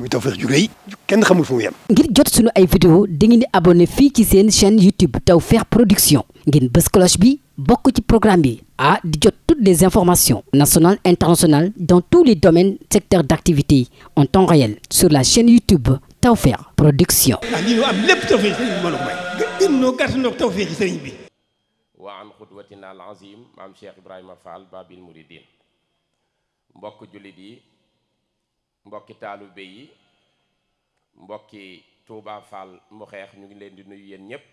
muy Tawfekh ju rëy kenn xamul fu mu ngir jot sunu ay vidéo dangeen di abonné fii ci seen chaîne YouTube Tawfekh Production ngeen bës cloche bi bokk ci programme bi a di jot toutes les informations nationales internationales dans tous les domaines secteurs d'activité en temps réel sur la chaîne YouTube Tawfekh Production. ah lii ñu am lépp Tawfekh sëriñ bi mbooloo mooy. gën ñoo gàtt ñoo Tawfekh sëriñ bi. wa an xudwatina al azim maam Cheikh Ibrahima Fall Babil Mouridine mbokki taalibe yi mbokki Touba Fall Mbuxeex ñu ngi leen di nuyu yéen ñëpp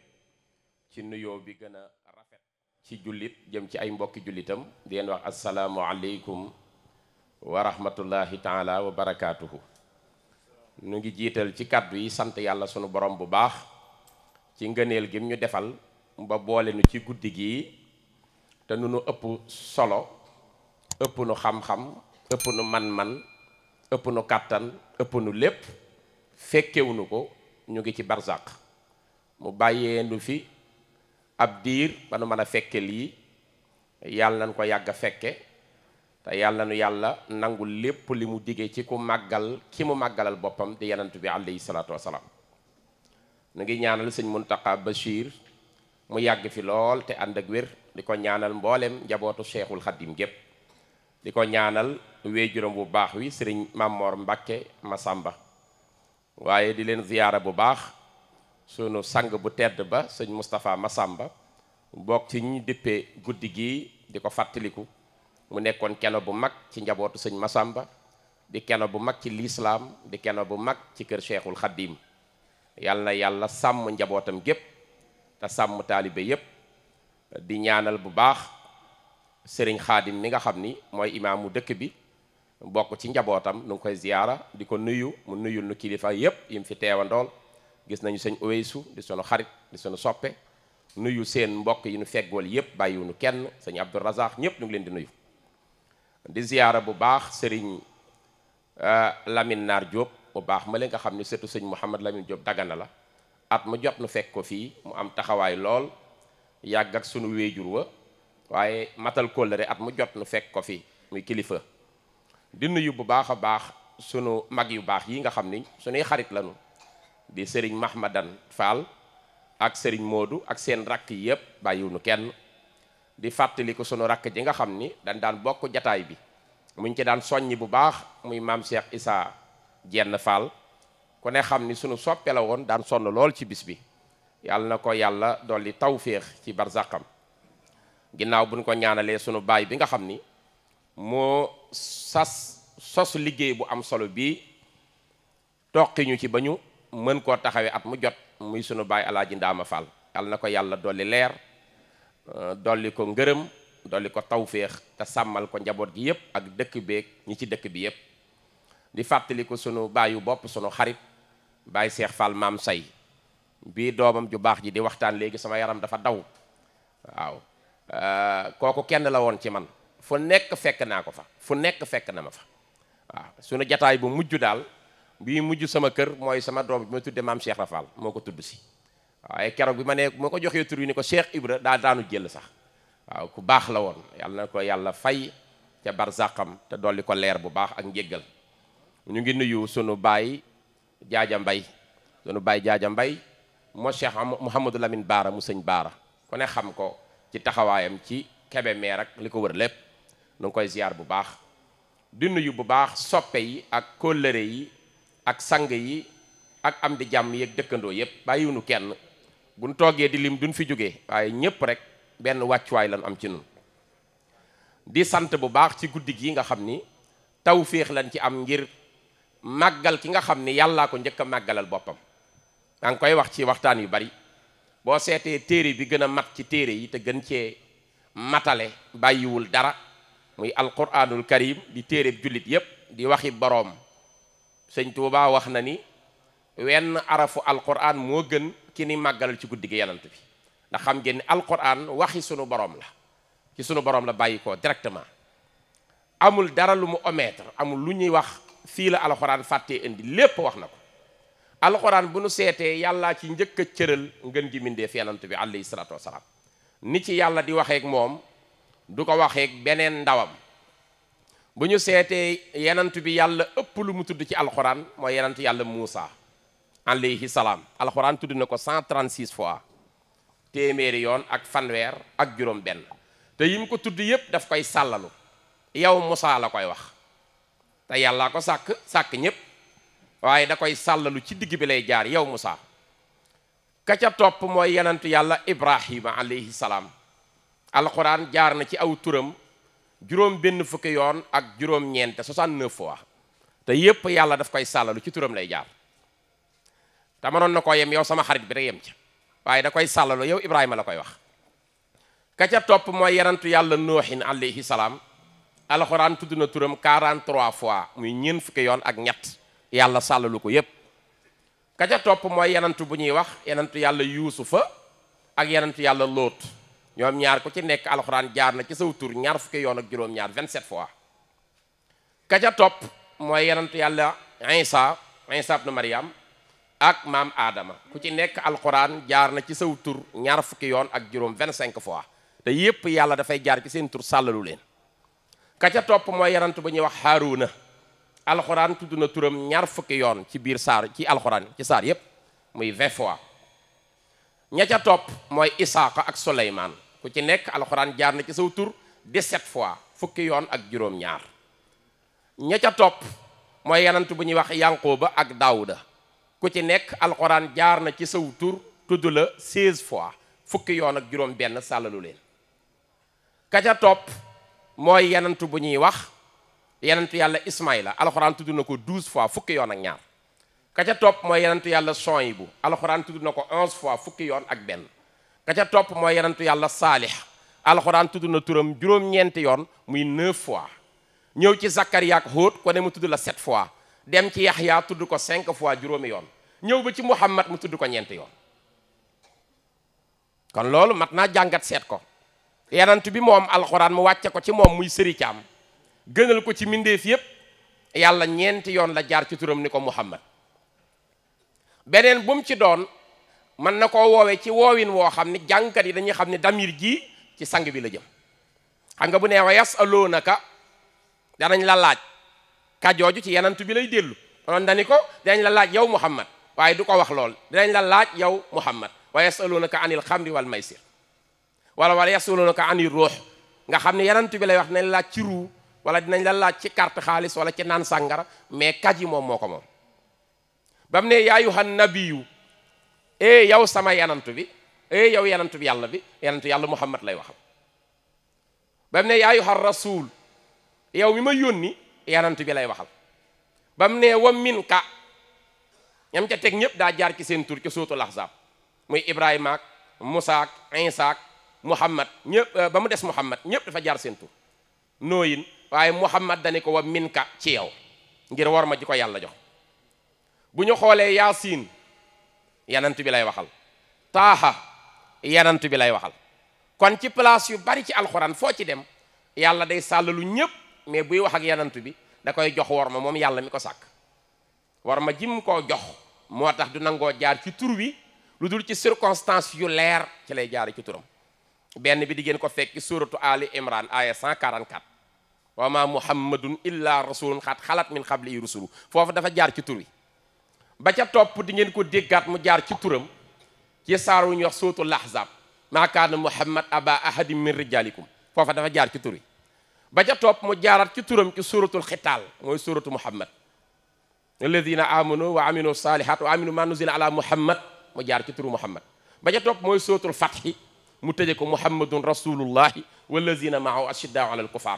ci nuyoo bi gën a rafet ci jullit jëm ci ay mbokki jullitam di leen wax asalaamu aleykum wa rahmatullahi taala wa barakaatuhu nu ngi jiital ci kàddu yi sant yàlla sunu borom bu baax ci ngëneel gim ñu defal ba boole nu ci guddi gii te nu nu ëpp solo ëpp nu xam-xam ëpp nu man-man ëpp nu kàttan ëpp nu lépp fekkewunu ko ñu ngi ci barzaq mu bàyyee nu fi ab diir ba nu mën a fekke lii yàlla nañ ko yàgg a fekke te yàlla nu yàlla nangu lépp li mu digee ci ku màggal ki mu màggalal boppam di yenantu bi alayhi salaatu wasalaam nu ngi ñaanal sëñ Muntaqa Bachir mu yàgg fi lool te ànd ak wér di ko ñaanal mboolem njabootu Cheikhul Xadim gépp di ko ñaanal weejuram bu baax wi sëriñ Mamor Mbàkke Masamba waaye di leen ziyaara bu baax sunu sang bu tedd ba sëñ Moustapha Masamba bokk ci ñu dippee guddi gi di ko fàttaliku mu nekkoon keno bu mag ci njabootu sëñ Masamba di keno bu mag ci lislaam di keno bu mag ci kër Cheikhul Khadim yàlla na yàlla sàmm njabootam gépp te sàmm taalibe yépp di ñaanal bu baax sëriñ xaadin mi nga xam ni mooy imaamu dëkk bi bokk ci njabootam nu ngi koy ziyaara di ko nuyu mu nuyul nu kilifa yépp yim fi teewandool gis nañu sëñ Oweysu di sunu xarit di sunu soppe nuyu seen mbokk yi nu feggool yépp bàyyiwuñu kenn sëñ Abdou Razak ñépp ñu ngi leen di nuyu di ziyaara bu baax sëriñ euh, Lamine Naar Diop bu baax ma leen nga xam ne surtout sëñ Mouhamad Lamine Diop dagana la at mu jot nu fekk ko fii mu am taxawaay lool yàgg ak sunu wéejur wa waaye matal kóllëre at mu jot nu fekk ko fi muy kilifa di nuyu bu baax a baax sunu mag yu baax yi nga xam ni sunuy xarit lañu bi sëriñ Mahmadan Fall ak sëriñ Modou ak seen rakk yépp bàyyiwuñu kenn di fàttali ko sunu rakk ji nga xam ni dañ daan bokk jataay bi muñ ci daan soññi bu baax muy maam Cheikh Issa Jenn Fall ku ne xam ni sunu soppe la woon daan sonn lool ci bis bi yàlla na ko yàlla dool dolli tawféex ci barzakam ginnaaw buñ ko ñaanalee sunu baay bi nga xam ni moo sas sos liggéey bu am solo bii toqi ñu ci ba ñu mën koo taxawee at mu jot muy sunu baay alaaji ma Fall yàlla na ko yàlla dolli leer euh, dolli ko ngërëm dolli ko tawféex te sàmmal ko njaboot gi yépp ak dëkk beeg ñi ci dëkk bi yépp di fàttali ko sunu baayu bopp sunu xarit baay Seex Fall maam say bii doomam ju baax ji di waxtaan léegi sama yaram dafa daw waaw Euh, kooku kenn la woon ci man fu nekk fekk naa ko fa fu nekk fekk na ma fa waaw sunu jataay bu mujj daal bii mujj sama kër mooy sama doom bi ma tudde maam Cheikh Rafal moo ko tudd si waaye keroog bi ma ne ma ko joxee tur yi ni ko Cheikh Ibra daa daanu jël sax waaw ku baax la woon yàlla na ko yàlla fay ca barzaqam te dolli ko leer bu baax ak njéggal ñu ngi nuyu sunu baay jaaja mbay sunu baay jaaja mbay moo Cheikh Mouhamadou Lamine Baara mu sëñ Baara ku ne xam ko ci taxawaayam ci Kébémer ak li ko wër lépp nu ngi koy ziar bu baax di nuyu bu baax soppe yi ak kóllëre yi ak sang yi ak am di jàmm yeeg dëkkandoo yépp bàyyiwunu kenn buñ toogee di lim duñ fi jóge waaye ñépp rek benn wàccuwaay lan am ci nun di sant bu baax ci guddi gi nga xam ni féex lan ci am ngir màggal ki nga xam ni yàllaa ko njëkk a màggalal boppam maa ngi koy wax ci waxtaan yu bari boo seetee téere bi gën a mat ci téere yi te gën cee matale bàyyiwul dara muy alquranul karim di téereb jullit yépp di waxi boroom sëñ Tuubaa wax na ni wenn arafu alquran moo gën ki ni màggalal ci guddi gi yanant bi ndax xam ngeen ni alquran waxi sunu boroom la ci sunu boroom la bàyyi ko directement amul dara lu mu omettre amul lu ñuy wax fii la alxuraan fàtte indi lépp wax na ko alxuraan bu nu seetee yàllaa ci njëkk a cëral ngën gi mindee fenant bi alayhi salaatu wasalaam ni ci yàlla di waxeek moom du ko waxeek beneen ndawam bu ñu seetee yenant bi yàlla ëpp lu mu tudd ci alxuraan mooy yenant yàlla Muusa alayhi salaam alxuraan tudd na ko 136 fois téeméeri yoon ak fanweer ak juróom benn te yim ko tudd yépp daf koy sàllalu yow Muusa la koy wax te yàllaa ko sàkk sàkk ñépp waaye da koy sàllalu ci digg bi lay jaar yow Musaa ka ca topp mooy yenentu yàlla Ibrahima alayhi salaam alxuraan jaar na ci aw turam juróom benn fukki yoon ak juróom ñeent 69 fois te yépp yàlla daf koy sàllalu ci turam lay jaar te mënoon na koo yem yow sama xarit bi rek yem ci waaye da koy sàllalu yow Ibrahima la koy wax kaca topp mooy yenentu yàlla Noohin alayhi salaam alxuraan tudd na turam 43 fois muy ñeent fukki yoon ak ñett yàlla sàllalu ko yépp ka topp mooy yenantu bu ñuy wax yenantu yàlla yuusufa ak yenantu yàlla lóot ñoom ñaar ku ci nekk alxuraan jaar na ci saw tur ñaar fukki yoon ak juróom-ñaar 27 fois ka ca topp mooy yenantu yàlla isa isa ibnu mariam ak maam aadama ku ci nekk alxuraan jaar na ci saw tur ñaar fukki yoon ak juróom cinq fois te yépp yàlla dafay jaar ci seen tur sàllalu leen ka topp mooy yenantu bu ñuy wax haaruna alxuraan tudd na turam ñaar fukki yoon ci biir saar ci alxuraan ci saar yépp muy vingt fois ña ca topp mooy isaaqa ak soleymaan ku ci nekk alxuraan jaar na ci saw tur dix-sept fois fukki yoon ak juróom-ñaar ña mooy yanant bu ñuy wax yanqooba ak daawuda ku ci nekk alxuraan jaar na ci saw tur tudd la fois fukki yoon ak juróom benn sàllalu leen ka topp mooy yanantu bu ñuy wax yenentu yàlla ismaila alxuraan tudd na ko douze fois fukki yoon ak ñaar ka ca topp mooy yenentu yàlla Soyibu alxuraan tudd na ko onze fois fukki yoon ak benn ka ca topp mooy yenentu yàlla saalix alxuraan tudd na turam juróom-ñeenti yoon muy neuf fois ñëw ci Zakariya ak Hóot ko mu tudd la sept fois dem ci Yaxya tudd ko cinq fois juróomi yoon ñëw ba ci Muhammad mu tudd ko ñeenti yoon kon loolu mat naa jàngat seet ko yenent bi moom alxuraan mu wàcce ko ci moom muy sëri caam gënal ko ci mbindeef yépp yàlla ñeenti yoon la jaar ci turam ni ko muhammad beneen bu ci doon mën na ko woowee ci woowin woo xam ni jàngkat yi dañuy xam ni damir jii ci sang bi la jëm xam nga bu nee wa yasalunaka danañ la laaj kajooju ci yenantu bi lay dellu noonu dani ko dinañ la laaj yow muhammad waaye du ko wax lool dinañ la laaj yow muhammad wa yasalunaka anil xamri wal maysir wala wala yasalunaka anil ruux nga xam ne yenantu bi wax nañ laaj ci ruu wala dinañ la laaj ci kart xaalis wala ci naan sàngara mais kaj yi moom moo ko moom ba mu ne yaayuhan nabiyu e eh, yow sama yanantu bi e yow yanantu bi yàlla bi yanantu yàlla muhammad lay waxam ba mu ne yaayuhan rasul yow mi ma yónni yanantu bi lay waxal bam mu ne wa min ka ñam ca teg ñépp daa jaar ci seen tur ci sootul ahzab muy ibrahimaak musaak musa ak isa muhammad ñëpp ba mu des muhammad ñëpp dafa jaar seen tur nooyin waaye muhammad dani ko wa minka ci yow ngir war ma ji ko yàlla jox bu ñu xoolee yaasiin yanant bi lay waxal taaha yanant bi lay waxal kon ci place yu bari ci alxuraan foo ci dem yàlla day sàllalu ñépp mais buy wax ak yanant bi da koy jox war ma moom yàlla mi ko sàkk war ma jim ko jox moo tax du nangoo jaar ci tur wi lu dul ci circonstance yu leer ci lay jaar ci turam benn bi di ngeen ko fekk ci suuratu Ali Imran aya 144 wa ma muhammadun illa rasulun xat xalat min xablihi rusulu foofu dafa jaar ci tur wi ba ca topp di ngeen ko déggaat mu jaar ci turam ci saar wu ñuy wax sootul ahzab ma kaana muhammad aba ahadin min rijalikum foofa dafa jaar ci turi wi ba ca topp mu jaarat ci turam ci suratul xitaal mooy suratu muhammad alladina amanu wa aminu salihat wa aminu ma nuzila ala muhammad mu jaar ci turu muhammad ba ca topp mooy suratul fathi mu tëje ko muhammadun rasulullahi walladina maahu ashiddaau ala alkufar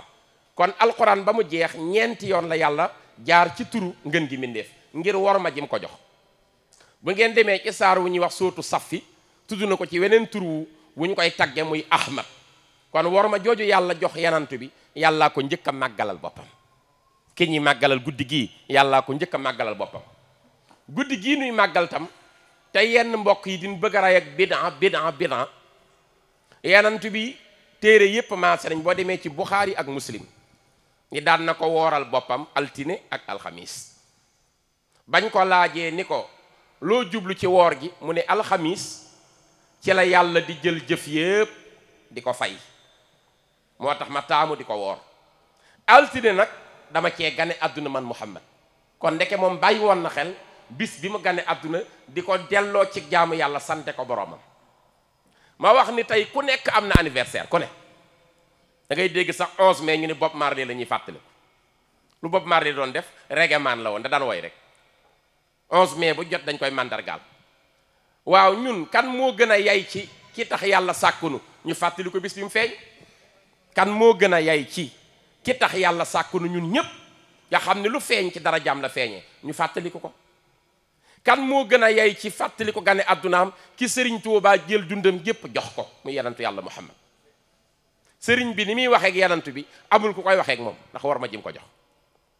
kon alxuraan ba mu jeex ñeenti yoon la yàlla jaar ci turu ngën gi mbindéef ngir wor ma jim ko jox bu ngeen demee ci wu ñuy wax sóotu saffi tudd na ko ci weneen turu wu ñu koy tagge muy ahmad kon wor ma jooju yàlla jox yenantu bi yàllaa ko njëkk a màggalal boppam ki ñuy màggalal guddi gii yàllaa ko njëkk a màggalal boppam guddi gii nuy màggal tam te yenn mbokk yi din bëgg a ray ak bidan bidan bidan yanantu bi téere yépp maase nañ boo demee ci buxaari ak muslim ni daan na ko wooral boppam altine ak alxamiis bañ ko laajee ni ko loo jublu ci woor gi mu ne alxamiis ci la yàlla di jël jëf yépp di ko fay moo tax ma taamu di ko woor altine nag dama cee gane àdduna man muhammad kon ndeke moom bàyyi woon na xel bis bi mu gane àdduna di ko delloo ci jaamu yàlla sante ko boroomam ma wax ni tey ku nekk am na anniversaire ku ne da ngay dégg sax 11 mais ñu ne Bob Marley la ñuy fàttaliku lu Bob Marley doon def reggae man la woon da daan woy rek 11 mai bu jot dañ koy màndargaal waaw ñun kan moo gën a yay ci ki tax yàlla sàkkunu ñu fàttali ko bis bi mu feeñ kan moo gën a yay ci ki tax yàlla sàkkunu ñun ñépp nga xam ne lu feeñ ci dara jaam la feeñee ñu fàttaliku ko kan moo gën a yay ci fàttali ko gane àddunaam ki sëriñ Tuubaa jël dundam gépp jox ko mu yenantu yàlla Muhammad sëriñ bi ni muy waxeek yanant bi amul ku koy waxeek moom ndax war ma jim ko jox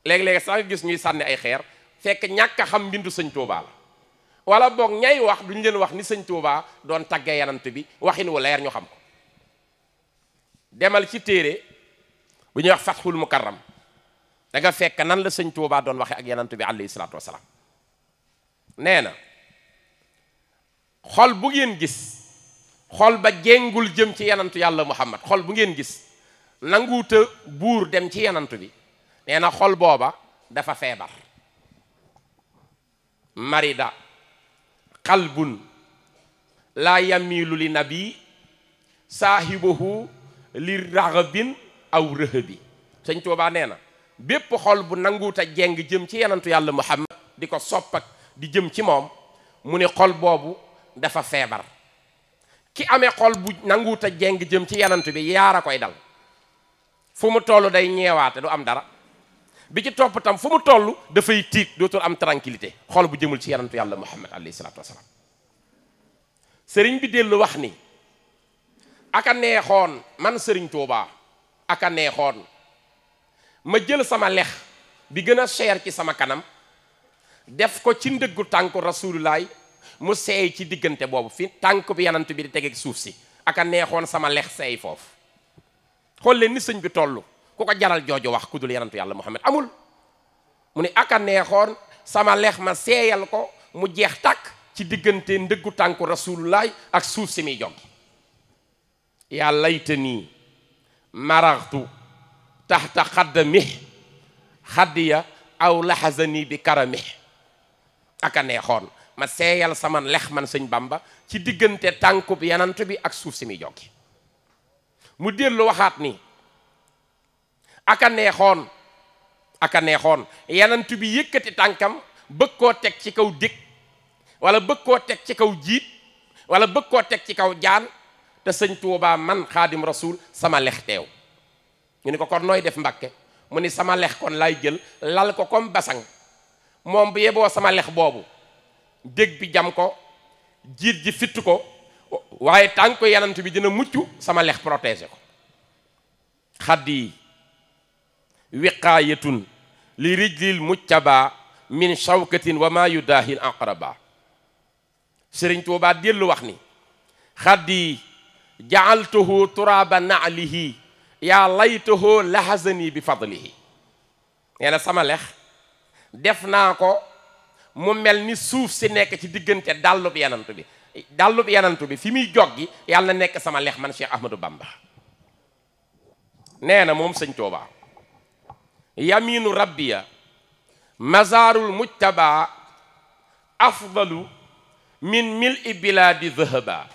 léegi-léegi sax nga gis ñuy sànni ay xeer fekk ñàkk a xam mbindu sëñ Tuubaa la wala boog ñay wax duñ leen wax ni sëñ Tuubaa doon taggee yanant bi waxin wu leer ñu xam ko demal ci téere bu ñuy wax fatxul mukarram da nga fekk nan la sëñ Tuubaa doon waxe ak yanant bi alayhi salaatu wasalaam nee na xol bu ngeen gis xol ba jéngul jëm ci yanantu yàlla muhammad xol bu ngeen gis nanguuta buur dem ci yenantu bi nee na xol booba dafa feebar marida qalbun laa yamiilu li nabi saahibahu li raxabin aw rëhëbi sëñ Tuubaa nee na bépp xol bu nanguuta jeng jëm ci yanantu yàlla muhammad di ko sopp di jëm ci moom mu ne xol boobu dafa feebar ci amee xol bu nanguut a jeng jëm ci yanantu bi yaar a koy dal fu mu toll day ñeewaate lu am dara bi ci topp tam fu mu toll dafay tiit dootul am tranquillité xol bu jëmul ci yanantu yàlla muhammad alayhi salaatu wasalaam sëriñ bi dellu wax ni aka neexoon man sëriñ Tuubaa aka neexoon ma jël sama lex bi gën a cher ci sama kanam def ko ci ndëggu tànku rasulullaay mu seey ci diggante boobu fi tànk bi yanant bi di tegeeg suuf si aka neexoon sama lex seey foofu xool leen ni sëñ bi toll ku ko jaral jooju wax ku dul yanantu yàlla Muhammad amul mu ne aka neexoon sama lex ma seeyal ko mu jeex tàkk ci diggante ndëggu tànku rasulullaay ak suuf si muy joggi yaa layta nii maraxtu taxta xaddami xaddiya aw laxasani bi karami aka neexoon ma seeyal sama lex man sëñ Bamba ci diggante tànkub yanant bi ak suuf si muy joggi mu dellu waxaat ni aka neexoon aka neexoon yanant bi yëkkati tànkam bëgg koo teg ci kaw dég wala bëgg koo teg ci kaw jiit wala bëgg koo teg ci kaw jaan te sëñ Tuubaa man xaadim rasul sama lex teew ñu ni ko kon nooy def Mbàkke mu ni sama lex kon laay jël lal ko comme basang moom bu yeboo sama lex boobu dég bi jam ko jiit ji fitt ko waaye tànk ko yanant bi dina mucc sama lex protégé ko xaddi wiqaayatun li rijlil muccaba min shawkatin wa ma yudaahil aqraba sëriñ tuubaa dellu wax ni xaddi jaaltuhu turaaba naalihi yaa laytuhu lahazani bi fadlihi nee sama lex def ko mu mel ni suuf si nekk ci diggante dàllub yanantu bi dàllub yanantu bi fi muy jog yàlla na nekk sama lex man Cheikh Ahmadou Bamba nee na moom sëñ Tuubaa yaminu rabbiya mazaarul mujtaba afdalu min mil i bilaadi dhahaba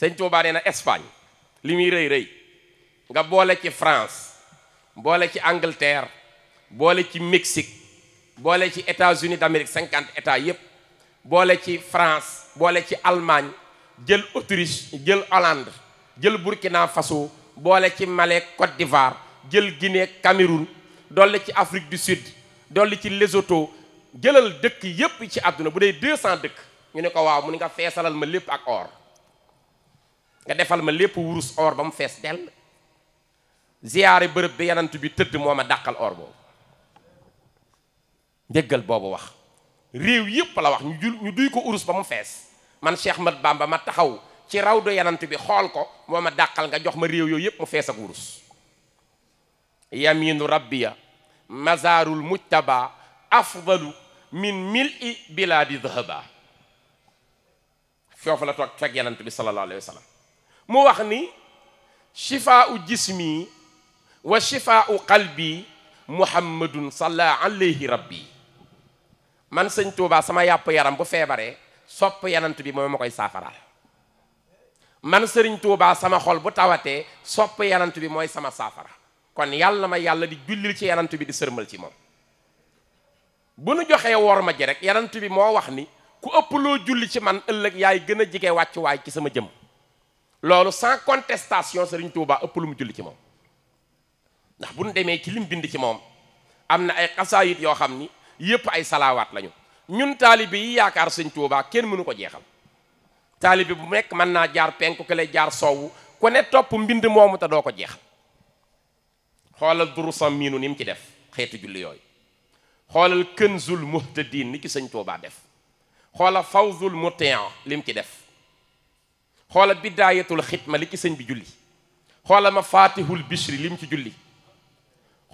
sëñ Tuubaa nee na Espagne li muy rëy rëy nga boole ci France boole ci Angleterre boole ci Mexique boole ci États-Unis d'Amérique cinquante états yépp boole ci France boole ci Allemagne jël Autriche jël Hollande jël Burkina Faso boole ci male Côte d'Ivoire jël Guinée Cameroun dolli ci Afrique du Sud dolli ci Lesotho jëlal dëkk yépp ci àdduna bu dee deux cent dëkk ñu ne ko waaw mu ne nga feesalal ma lépp ak or nga defal ma lépp wurus or ba mu fees dell ziyaare bërëb bi yanant bi tëdd moom ma dàqal or boobu njëggal boobu wax réew yëpp la wax ñu jul ñu duy ko urus ba mu fees man Cheikh Mat Bamba ma taxaw ci rawdo do bi xool ko moo ma dàqal nga jox ma réew yooyu yëpp mu fees ak urus yaminu rabbiya mazaarul mujtaba afdalu min mil i bilaadi dhahaba foofu la toog fekk yanant bi sallallahu alayhi wa sallam mu wax ni shifaau jismi wa shifaau qalbi muhammadun salla alayhi rabbi man sëñ Touba sama yàpp yaram bu feebaree sopp yanant bi moom ma koy saafaraal man sëriñ Touba sama xol bu tawatee sopp yanant bi mooy sama saafara kon yàlla na ma yàlla di jullil ci yanant bi di sërmal ci moom bu nu joxee wor ma ji rek yanant bi moo wax ni ku ëpp loo julli ci man ëllëg yaay gën a jige wàccuwaay ci sama jëm loolu sans contestation sëriñ Touba ëpp lu mu julli ci moom ndax bu nu demee ci lim bind ci moom am na ay xasaayit yoo yëpp ay salaawaat lañu ñun taalibe yi yaakaar sëñ Tuubaa kenn mënu ko jeexal taalibe bu mekk mën naa jaar penku ku lay jaar soowu ku ne topp mbind moomu te doo ko jeexal xoolal durusam miinu ni ci def xeetu julli yooyu xoolal Kënzul Muhtadin ni ci sëñ Tuubaa def xoola Fawzul Mutiin li mu ci def xoola Bidaayatul Xitma li ci sëñ bi julli xoola Mafaatihul Bishri li mu ci julli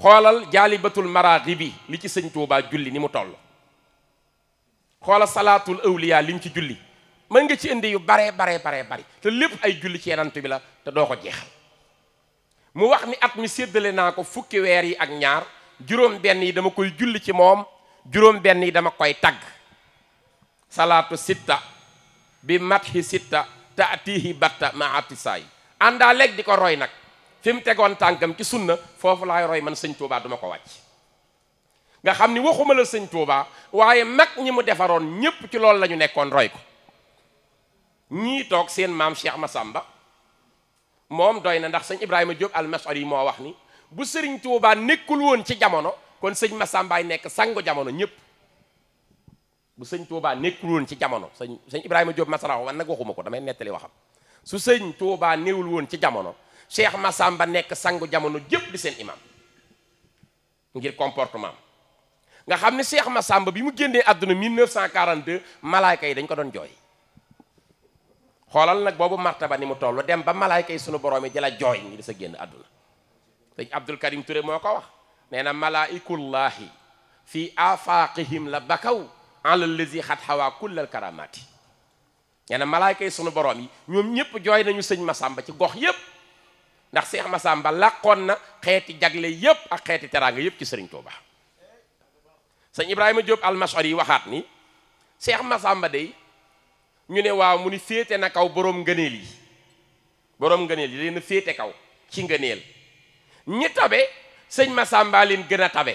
xoolal jaalibatul maraaxibi li ci sëñ Tuubaa julli ni mu toll xoolal salaatul awliyaa liñ ci julli mën nga ci indi yu baree baree bare bari te lépp ay julli ci yenant bi la te doo ko jeexal mu wax ni at mi séddale naa ko fukki weer yi ak ñaar juróom benn yi dama koy julli ci moom juróom benn yi dama koy tagg salaatu sitta bi matxi sitta taatihi batta ma ànd àndaa leeg di ko roy nag fi mu tegoon tànkam ci sunna foofu laay roy man sëñ Touba duma ko wàcc nga xam ni waxuma la sëñ Touba waaye mag ñi mu defaroon ñépp ci loolu lañu nekkoon roy ko ñii toog seen maam ma sàmba moom doy na ndax sëñ Ibrahima Diop almasar yi moo wax ni bu sëriñ Touba nekkul woon ci jamono kon sëñ ma Massambaay nekk sangu jamono ñépp bu sëñ Touba nekkul woon ci jamono sëñ sëñ Ibrahima Diop masaraw man nag waxuma ko damay nettali waxam su sëñ Touba néewul woon ci jamono Cheikh Massamba nekk sangu jamono jëpp di seen imam ngir comportement nga xam ne Cheikh Massamba bi mu génnee àdduna 1942 malaayka yi dañ ko doon jooy xoolal nag boobu martaba ni mu toll dem ba malaayka yi sunu borom yi di la jooy ngir sa génn àdduna sëñ Abdul Karim Touré moo ko wax nee na malaayikullahi fi afaqihim la bakaw ala lazi xat xawaa kullal karamati nee na malaayka yi sunu borom yi ñoom ñëpp jooy nañu sëñ Massamba ci gox yëpp ndax Seex sàmba làqoon na xeeti jagle yépp ak xeeti teraanga yépp ci sëriñ Tuuba sëñ Ibrahima Diop almasor yi waxaat ni Seex Masamba day ñu ne waaw mu ni féete na kaw boroom ngëneel yi boroom ngëneel yi leen féete kaw ci ngëneel ñi tabe sëñ ma sàmba leen gën a tabe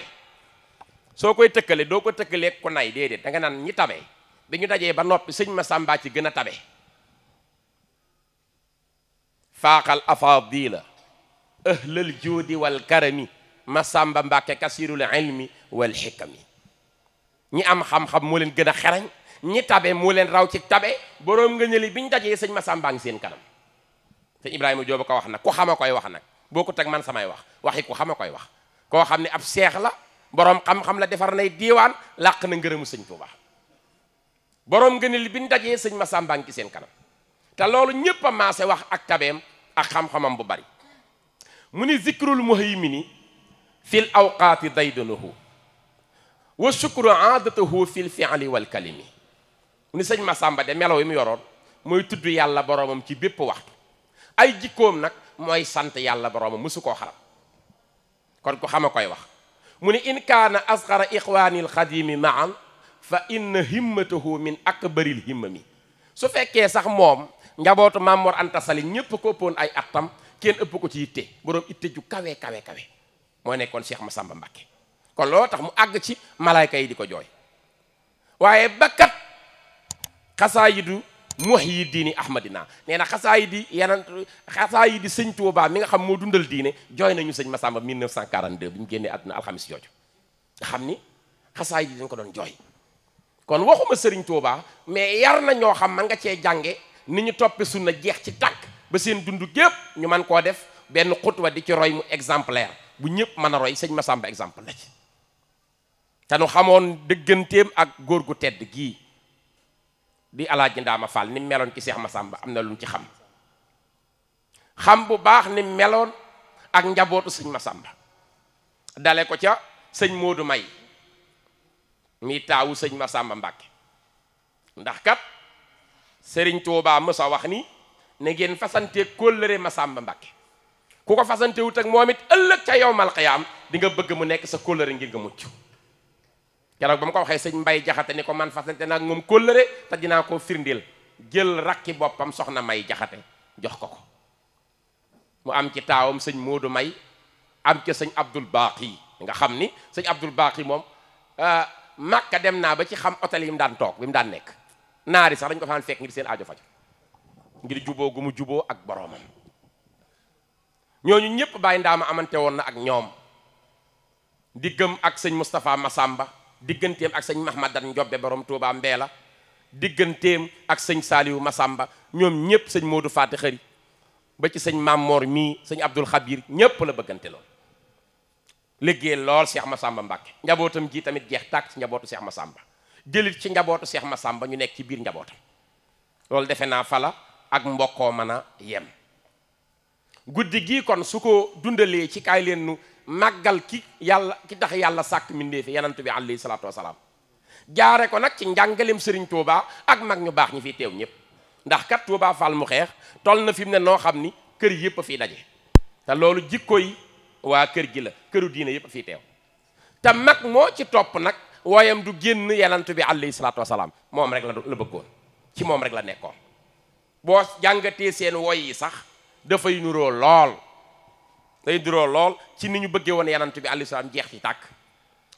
soo koy tëkkale doo ko tëkkaleeg ku nay déedéet da nga naan ñi tabe bi ñu dajee ba noppi sëñ ma Masamba ci gën a tabe faaxal afaadila ahlal juudi wal karami masamba mbàkke kasirul ilmi wal xikami ñi am xam-xam moo leen gën a xerañ ñi tabe moo leen raw ci tabe boroom nga ñëli bi ñu dajee sëñ masamba ngi seen kanam sëñ ibrahima jooba ko wax nag ku xama koy wax nag boo ko teg man samay wax waxi ku xama koy wax koo xam ne ab seex la boroom xam-xam la defar nay diiwaan làq na ngërëmu sëñ Tuuba boroom nga ñëli bi ñu dajee sëñ masamba ngi seen kanam te loolu ñépp a maase wax ak tabeem ak xam-xamam bu bari mu ni zikrul muhaymini fil awqaati daydunuhu wa shukru aadatuhu fil fi'li wal kalimi mu ni sëñ Masamba de melaw yi mu yoroon mooy tudd yàlla boroomam ci bépp waxtu ay jikkoom nag mooy sant yàlla boroomam mësu koo xaram kon ku xama koy wax mu ni in kaana asgara ixwaani alxadimi maan fa inna himmatahu min akbaril himmami su fekkee sax moom njabootu maam Mor Anta Sali ko ëppoon ay attam kenn ëpp ko ci yitte boroom itte ju kawe kawe kawe moo nekkoon ma Massamba Mbacké kon loo tax mu àgg ci malaayka yi di ko jooy waaye bakkat yi xasaayidu Muhyiddin Ahmadina nee na xasaayidi yeneen xasaayidi sëñ Tuubaa mi nga xam moo dundal diine jooy nañu sëñ Massamba 1942 bi mu génnee àdduna alxamis jooju nga xam ni xasaayidi dañ ko doon jooy kon waxuma sëriñ Tuubaa mais yar na ñoo xam man nga cee jànge ni ñu toppe sunna jeex ci tàkk ba seen dund gépp ñu man koo def benn xutwa di ci roy mu exemplaire bu ñëpp mën a roy sëñ Massamba exemple na ci te nu xamoon dëgganteem ak góor gu tedd gii di alaaji ma Fall ni meloon ci Seex Massamba am na lu ci xam xam bu baax ni meloon ak njabootu sëñ Massamba dale ko ca sëñ Modou May mi taawu sëñ Massamba Mbàkke ndax kat sëriñ Tuubaa mës a wax ni ne ngeen fasante kóllëre Masamba Mbàkke ku ko fasante wut ak moom it ëllëg ca yowmal qiyaam dinga bëgg mu nekk sa kóllëre ngir nga mucc keroog ba mu ko waxee sëñ Mbay Jaxate ni ko man fasante naag moom kóllëre te dinaa koo firndeel jël rakki boppam soxna May Jaxate jox ko ko mu am ci taawam sëñ Moodu May am ca sëñ Abdul Baaqi nga xam ni sëñ Abdul Baaqi moom ah, Màkka dem naa ba ci xam hôtel yi mu daan toog bi mu daan nekk naari sax dañ ko faan fekk ngir seen aajo faj ngir juboo gu mu juboo ak boroomam ñooñu ñëpp bàyyi ndaa ma amante woon na ak ñoom diggam ak sëñ Moustapha Massamba digganteem ak sëñ Mahmadan Njobbe borom Touba Mbeela digganteem ak sëñ Saaliwu Massamba ñoom ñëpp sëñ Modou Faati Xëri ba ci sëñ Mamor mii sëñ Abdul Xabir ñëpp la bëggante lool liggéey lool Cheikh Massamba Mbàkke njabootam jii tamit jeex tàkk ci njabootu Cheikh Massamba jëlit ci njabootu Seex Masamba ñu nekk ci biir njabootam loolu defe naa fala ak mbokkoo mën a yem guddi gii kon su ko dundalee ci kaay leen nu màggal ki yàlla ki tax yàlla sàkk mbindeefi yanantu bi alayhi salaatu salaam jaare ko nag ci njàngalem sëriñ Touba ak mag ñu baax ñi fi teew ñëpp ndax kat Touba Fall mu xeex tol na fi mu ne noo xam ni kër yëpp a fiy daje te loolu jikko yi waa kër gi la këru diina yëpp a fiy teew te mag moo ci topp nag woyam du génn yenant bi alayhi salaatu salaam moom rek la la bëggoon ci moom rek la nekkoon boo jàngatee seen woy yi sax dafay nuroo lool day nuroo lool ci ni ñu bëggee woon yenant bi alayhi salaam jeex ci tàkk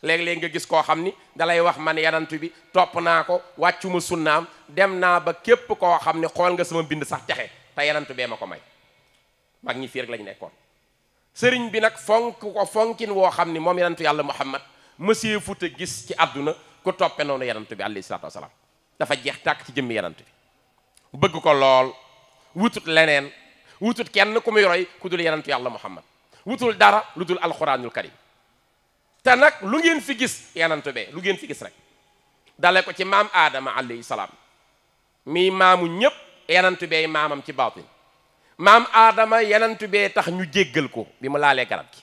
léeg-léeg nga gis koo xam ni dalay wax man yenant bi topp naa ko wàccuma sunnaam dem naa ba képp koo xam ne xool nga sama bind sax texe te yenant bee ma ko may mag ñi fii rek lañu nekkoon sëriñ bi nag fonk ko fonkin woo xam ni moom yenantu yàlla muhammad mësee futa gis ci àdduna ku toppe noonu yarant bi alayhi salaatu wasalaam dafa jeex tàkk ci jëmmi yarant bi bëgg ko lool wutut leneen wutut kenn ku muy roy ku dul yarantu yàlla muhammad wutul dara lu dul alquranul karim te nag lu ngeen fi gis yanantu bee lu ngeen fi gis rek dale ko ci maam aadama alayhi salaam mii maamu ñépp yanantu bee maamam ci baatin maam aadama yanantu bee tax ñu jéggal ko bi mu laalee garab gi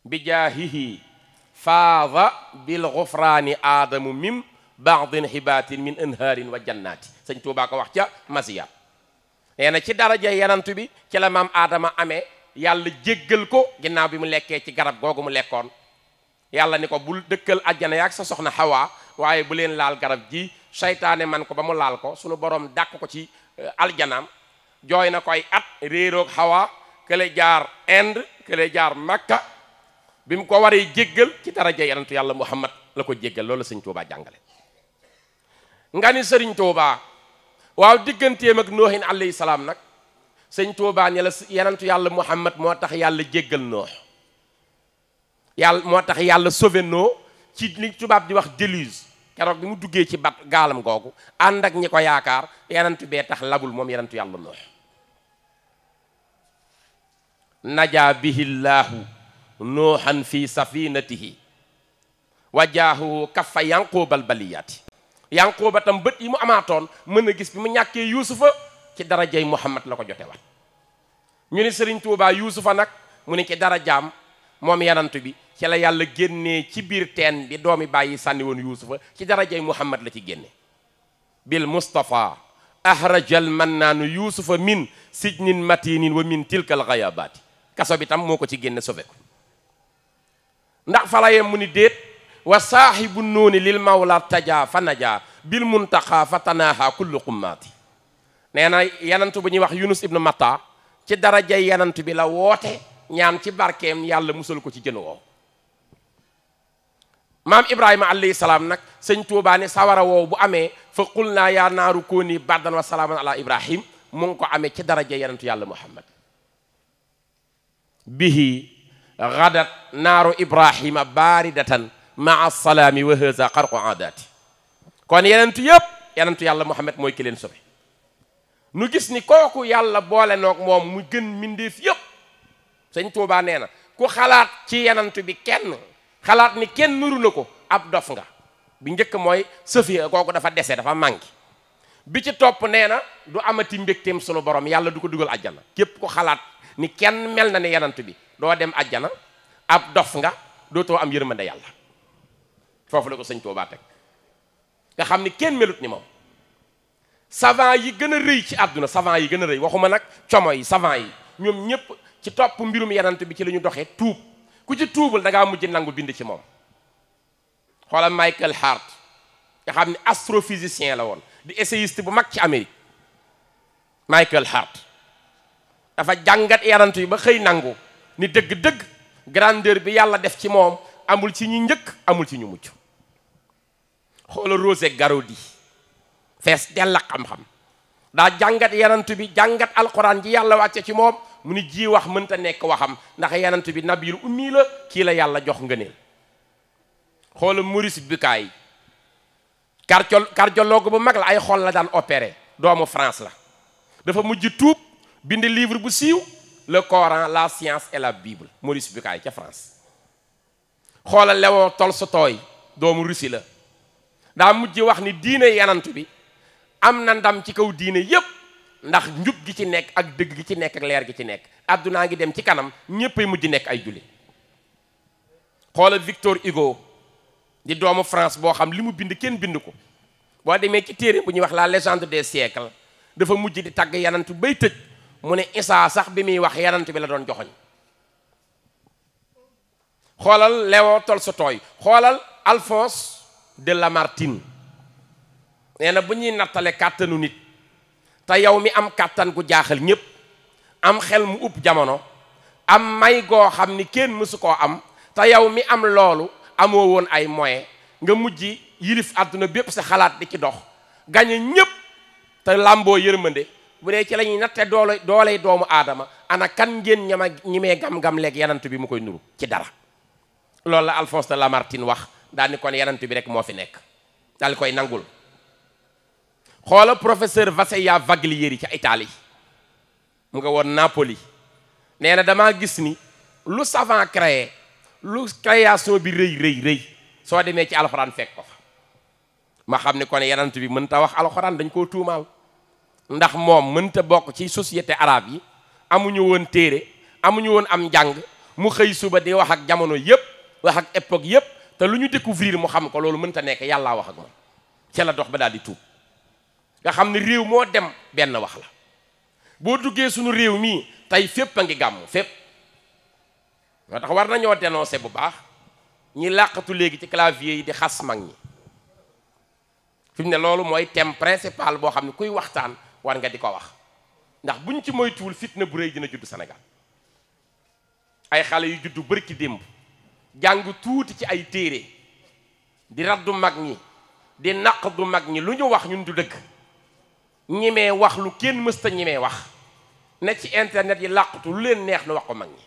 bi jaahihi faada bil gufraani aadamu mim baadin xibaatin min anhaarin wa jannaati sañ Tuubaa ko wax ca masiya nee na ci daraja yanantu bi ci la maam aadama amee yàlla jéggal ko ginnaaw bi mu lekkee ci garab googu mu lekkoon yàlla ni ko bul dëkkal ajjana yaag sa soxna xawaa waaye bu leen laal garab ji seytaane man ko ba mu laal ko sunu boroom dàq ko ci eh, aljanaam jooy na koy at réeroog xawaa kële jaar Inde kële Makka bi mu ko waree jéggal ci daraja yonentu yàlla muhammad la ko jéggal loolu la sëñ Tuubaa jàngale nga ni sëriñ Tuubaa waaw digganteem ak noohin alayhi salaam nag sëñ Tuubaa ne la yonentu yàlla muhammad moo tax yàlla jéggal noox yàlla moo tax yàlla sauvé ci li tubaab di wax déluge keroog bi mu duggee ci bat gaalam googu ànd ak ñi ko yaakaar yonentu bee tax labul moom yonentu yàlla noox najaa bihi nuuxan fi safinatihi wa jaahu kaffa yanquubal baliyaati yanquuba tam bët yi mu amaatoon mën a gis bi mu ñàkkee yuusufa ci darajay muhammad la ko jote wat ñu ne sëriñ tuubaa yuusufa nag mu ne ci darajaam moom yanantu bi ci la yàlla génnee ci biir teen bi doomi bàyyi sànni woon yuusufa ci darajay muhammad la ci génne bil mustafa ahrajal mannaanu yuusufa min sijnin matinin wa min tilkal gayabaati kaso bi tam moo ko ci génne sobe ko ndax fala mu ni déet wa saahibu nooni lil mawla tajaa fa najaa bil muntaqa fa tanaaha kullu qummaati nee yanantu bu ñuy wax yunus ibnu matta ci darajay yanantu bi la woote ñaan ci barkeem yàlla musal ko ci jën woow maam ibrahima alayhi salaam nag sëñ tuubaa ne sawara woow bu amee fa qul yaa naaru kooni bardan wa salaaman ala ibrahim mu ngi ko ame ci darajay yanantu yàlla muhammad bihi gadat naaru ibrahima baaridatan maa salaami wa haza xarqu aadaati kon yenentu yëpp yenentu yàlla muhammad mooy ki leen sobe nu gis ni kooku yàlla boole noog moom mu gën mbindeef yëpp sëñ tuubaa nee na ku xalaat ci yenentu bi kenn xalaat ni kenn nuru na ko ab dof nga bi njëkk mooy sëfiya kooku dafa dese dafa manqué bi ci topp nee na du amati mbégteem sunu borom yàlla du ko dugal àjjana képp ku xalaat ni kenn mel na ne yenentu bi doo dem ajjana ab dof nga dootoo am yërmande yàlla foofu la ko sëñ Tuubaa teg nga xam ni kenn melut ni moom savant yi gën a rëy ci àdduna savant yi gën a rëy waxuma nag como yi savant yi ñoom ñëpp ci topp mbirum yanant bi ci la ñu doxee tuub ku ci tuubul da ngaa mujj nangu bind ci moom xoolal Michael Hart nga xam ne astrophysicien la woon di essayiste bu mag ci Amérique Michael Hart dafa jàngat yanant yi ba xëy nangu ni dëgg-dëgg grandeur bi yàlla def ci moom amul ci ñu njëkk amul ci ñu mujj xoola Rose Garaudy fees dell ak xam-xam daa jàngat yanantu bi jàngat alquran ji yàlla wàcce ci moom mu ni ji wax mënta nekk waxam ndax yanantu bi nabiil ummi la kii la yàlla jox ngëneel xoola Maurice Bucaille cardio cardiologue bu mag la ay xool la daan opéré doomu France la dafa mujj tuub bind livre bu siiw le Coran la science et la Bible Maurice Bucaille ca France xoolal Léon Tolstoï doomu Russie la daa mujj wax ni diine yanantu bi am na ndam ci kaw diine yépp ndax njub gi ci nekk ak dëgg gi ci nekk ak leer gi ci nekk addunaa ngi dem ci kanam ñéppay mujj nekk ay julli xoolal Victor Hugo di doomu France boo xam li mu bind kenn bind ko boo demee ci téere bu ñuy wax la légende des siècles dafa mujj di tagg yanantu bay tëj mu ne isaa sax bi muy wax yanant bi la doon joxoñ xoolal Léon Tolstoï xoolal Alphonse de Lamartine nee na bu ñuy nattale kàttanu nit te yow mi am kàttan gu jaaxal ñépp am xel mu upp jamono am may goo xam ni kenn mësu koo am te yow mi am loolu amoo woon ay moyens nga mujj yilif àdduna bépp sa xalaat di ci dox gañe ñépp te làmboo yërmande bu dee ci la ñuy natte doole doomu aadama ana kan ngeen ñama ñi mee gam-gam leeg yanant bi mu koy nuru ci dara loolu la Alphonse de Lamartine wax daal ni kon yanant bi rek moo fi nekk daal koy nangul xoola professeur Vasselia Vaglieri ca Italie mu nga woon Napoli nee na damaa gis ni lu savant créé lu création bi rëy rëy rëy soo demee ci alxuraan fekk ko fa ma xam ni kon yanant bi mën ta wax alxuraan dañ koo tuumaal ndax moom mënta bokk ci société arabe yi amuñu woon téere amuñu woon am njàng mu xëy suba di wax ak jamono yépp wax ak époque yépp te lu ñu découvrir mu xam ko loolu mënta nekk yàllaa wax ak moom ca la dox ba daal di tuub nga xam ne réew moo dem benn wax la boo duggee suñu réew mii tey fépp a ngi gàmmu fépp moo tax war nañoo dénoncé bu baax ñi làqatu léegi ci clavier yi di xas mag ñi fi mu ne loolu mooy thème principal boo xam ne kuy waxtaan war nga di ko wax ndax buñ ci moytuwul fitna bu rëy dina judd senegal ay xale yu juddu bërki démb jàng tuuti ci ay téere di raddu mag ñi di naq du mag ñi lu ñu wax ñun du dëkk ñimee wax lu kenn mësta ñimee wax na ci internet yi làqutu lu leen neex nu wax ko mag ñi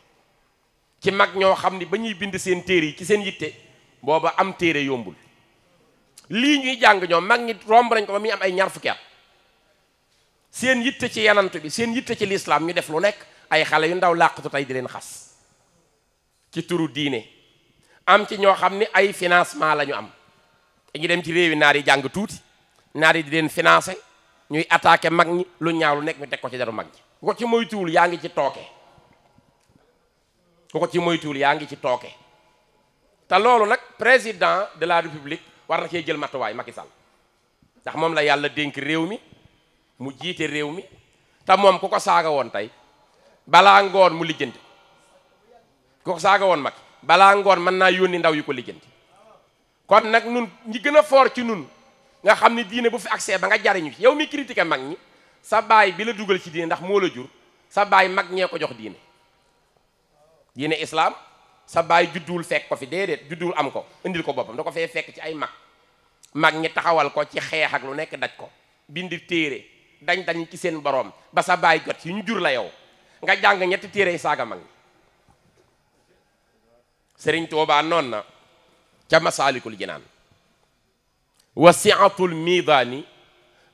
ci mag ñoo xam ni ba ñuy bind seen téere yi ci seen yitte booba am téere yombul lii ñuy jàng ñoom mag ñi romb nañ ko ba muy am ay ñaar seen yitte ci yanant bi seen yitte ci lislaam ñu def lu nekk ay xale yu ndaw làqatu tey di leen xas ci turu diine am ci ñoo xam ni ay financement la ñu am dañu dem ci réewi naar yi jàng tuuti naar yi di leen financé ñuy attaqué mag ñi lu ñaaw lu nekk ñu teg ko ci daru mag ñi ku ko ci moytuwul yaa ngi ci tooke ku ko ci moytuwul yaa ngi ci tooke te loolu nag président de la république war na cee jël matuwaay Macky Sall ndax moom la yàlla dénk réew mi mu jiite réew mi te moom ku ko saaga woon tey balaa ngoon mu lijjanti ku ko saaga woon mag balaa ngoon mën naa yónni ndaw yi ko lijjanti kon nag nun ñi gën a foor ci nun nga xam ne diine bu fi accès ba nga jariñu ci yow mi critiqué mag ñi sa baay bi la dugal ci diine ndax moo la jur sa baay mag ñee ko jox diine diine islaam sa baay judduwul fekk ko fi déedéet judduwul am ko indil ko boppam nda ko fee fekk ci ay mag mag ñi taxawal ko ci xeex ak nekk daj ko dañ dañ ci seen boroom ba sa baay jot yi ñu jur la yow nga jàng ñetti téere saaga mag sëriñ Tuubaa noon na ca masaalikul jinaan wasiatul miidaani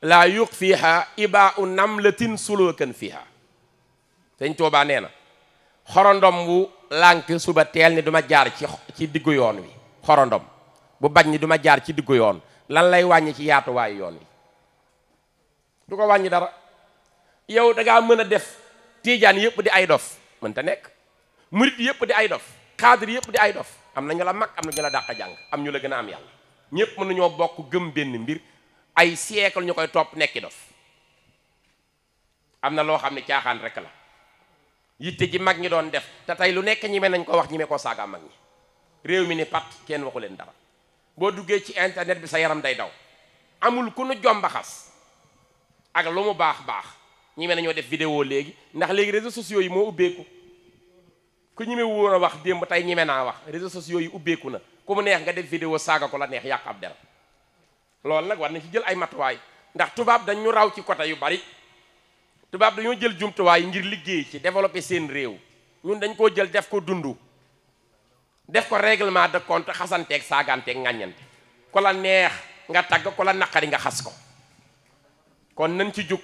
laa yuq fiiha ibaau namlatin sulukan fiiha sëriñ Tuubaa nee na xorondom bu lànk suba teel ni duma jaar ci ci diggu yoon wi xorondom bu bañ ni duma jaar ci diggu yoon lan lay wàññi ci yaatuwaayu yoon wi du ko wàññi dara yow da ngaa mën a def tiijaan yëpp di ay dof mën ta nekk murit yëpp di ay dof xaadir yëpp di ay dof am na ñu la mag am na ñu la dàq jàng am ñu la gën a am yàlla ñëpp mënuñoo bokk gëm benn mbir ay siècle ñu koy topp nekki dof am na loo xam ne caaxaan rek la yitte ji mag ñi doon def te tey lu nekk ñi mel nañ ko wax ñi mee koo saaga mag ñi réew mi ni pat kenn waxu leen dara boo duggee ci internet bi sa yaram day daw amul ku nu ak lu mu baax baax ñi mel nañoo def vidéo léegi ndax léegi réseaux sociaux yi moo ubbeeku ku ñime woon a wax démb tey ñime naa wax réseaux sociaux yi ubbeeku na ku mu neex nga def vidéo saaga ko la neex yàq ab der loolu nag war nañ ci jël ay matuwaay ndax tubaab dañu ñu raw ci côté yu bari tubaab dañoo jël jumtuwaay ngir liggéey ci développer seen réew ñun dañ koo jël def ko dund def ko règlement de compte xasanteeg saagaanteeg ngàññante ku neex nga tagg ku la naqari nga xas ko kon nañ ci jóg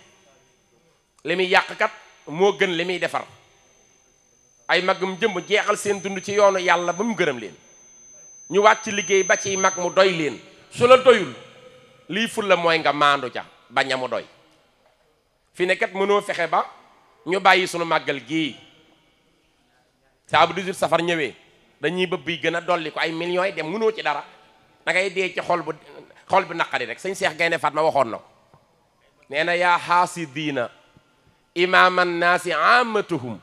li muy yàq kat moo gën li muy defar ay magam jëmm jeexal seen dund ci yoonu yàlla ba mu gërëm leen ñu wàcc liggéey ba ciy mag mu doy leen su la doyul lii ful la mooy nga maandu ca bañ a mu doy fi ne mënoo fexe ba ñu bàyyi sunu màggal gii saa bu 18 safar ñëwee dañuy bëbb yi gën a dolli ko ay millions yi dem mënoo ci dara da ngay dee ci xol bu xol bu naqari rek sañ Seex Gaynde Fatma waxoon na nee na yaa xaasidiina imaam annaasi aamatuhum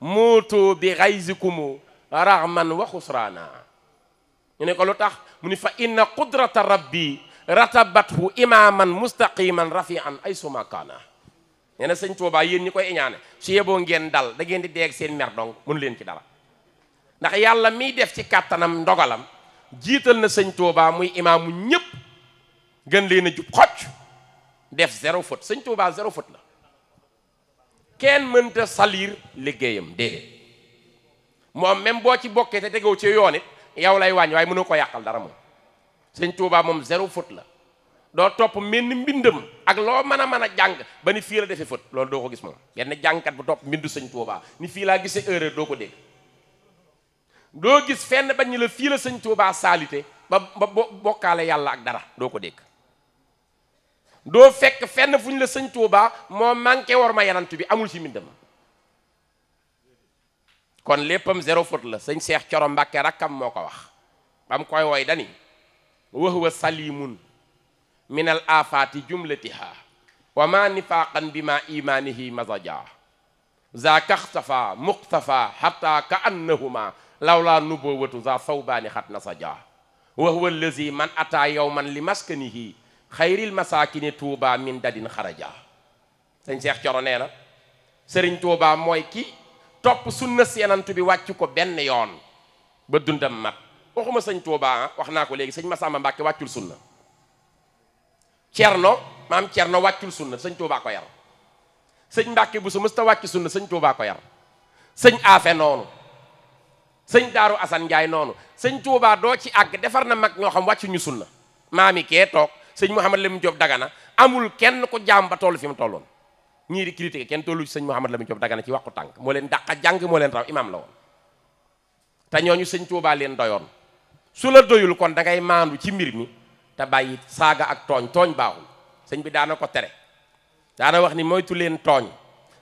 muutu bi xayzikumu raxman wa xusraana ñu ne ko lu tax mu ni fa inna qudrata rabbi ratabathu imaaman mustaqiman rafian ay sumakaana nee na sëñ Tuubaa yéen ñi koy iñaane su yeboo ngeen dal da ngeen di deeg seen mer dong mënu leen ci dara ndax yàlla miy def ci kàttanam ndogalam jiital na sëñ Tuubaa muy imaamu ñépp gën leen a jub xocc def zéro faute sëñ Tuubaa zéro faute la kenn mënta salir liggéeyam déedéet moom même boo ci bokkee te tegoo ci yoon it yow lay wàññi waaye mënoo ko yàqal dara moom sëñ Tuubaa moom zéro faute la doo topp mel ni mbindam ak loo mën a mën a jàng ba ni fii la defee faute loolu doo ko gis moom yenn jàngkat bu topp mbindu sëñ Tuubaa ni fii laa gisee erreur doo ko dégg doo gis fenn bañ ñu la fii la sëñ Tuubaa salité ba ba bokkaale yàlla ak dara doo ko dégg doo fekk fenn fu la sëñ Tuubaa moo manqué war ma yanant bi amul ci mbindam kon léppam zéro faute la sëñ Seex Coro Mbàkke rakkam moo ko wax bam koy woy dani wa huwa salimun min al wa ma nifaqan bi ma imanihi mazaja za kaxtafa muqtafa hatta ka annahuma lawla nubuwatu za sawbaani xat nasaja wa huwa allazi man ata yowman li maskanihi xayril masaakini tuuba min dadin xaraja sëñ Cheikh Coro nee na sëriñ tuuba mooy ki topp sunna seenantu bi wàcc ko benn yoon ba dundam mat waxuma sëñ tuuba ah, wax naa ko léegi sëñ Masamba Mbàkke wàccul sunna cerno maam cerno wàccul sunna sëñ tuuba ko yar sëñ Mbàkke bu su mësta wàcc sunna sëñ tuuba ko yar sëñ aafe noonu sëñ daaru Assane Ndiaye noonu sëñ tuuba doo ci àgg defar na mag ñoo xam wàccuñu sunna maami kee toog sëñ Mouhamad Lamine Diop Dagana amul kenn ku jaam ba toll fi mu tolloon ñiir di critiquer kenn tollu ci sëñ Mouhamad Lamine Diop Dagana ci waxu tànk moo leen dàqa jàng moo leen raw imaam la woon te ñooñu sëñ Tuubaa leen doyoon su la doyul kon dangay ngay maandu ci mbir mi te bàyyi saaga ak tooñ tooñ baaxul sëñ bi daana ko tere daana wax ni moytu leen tooñ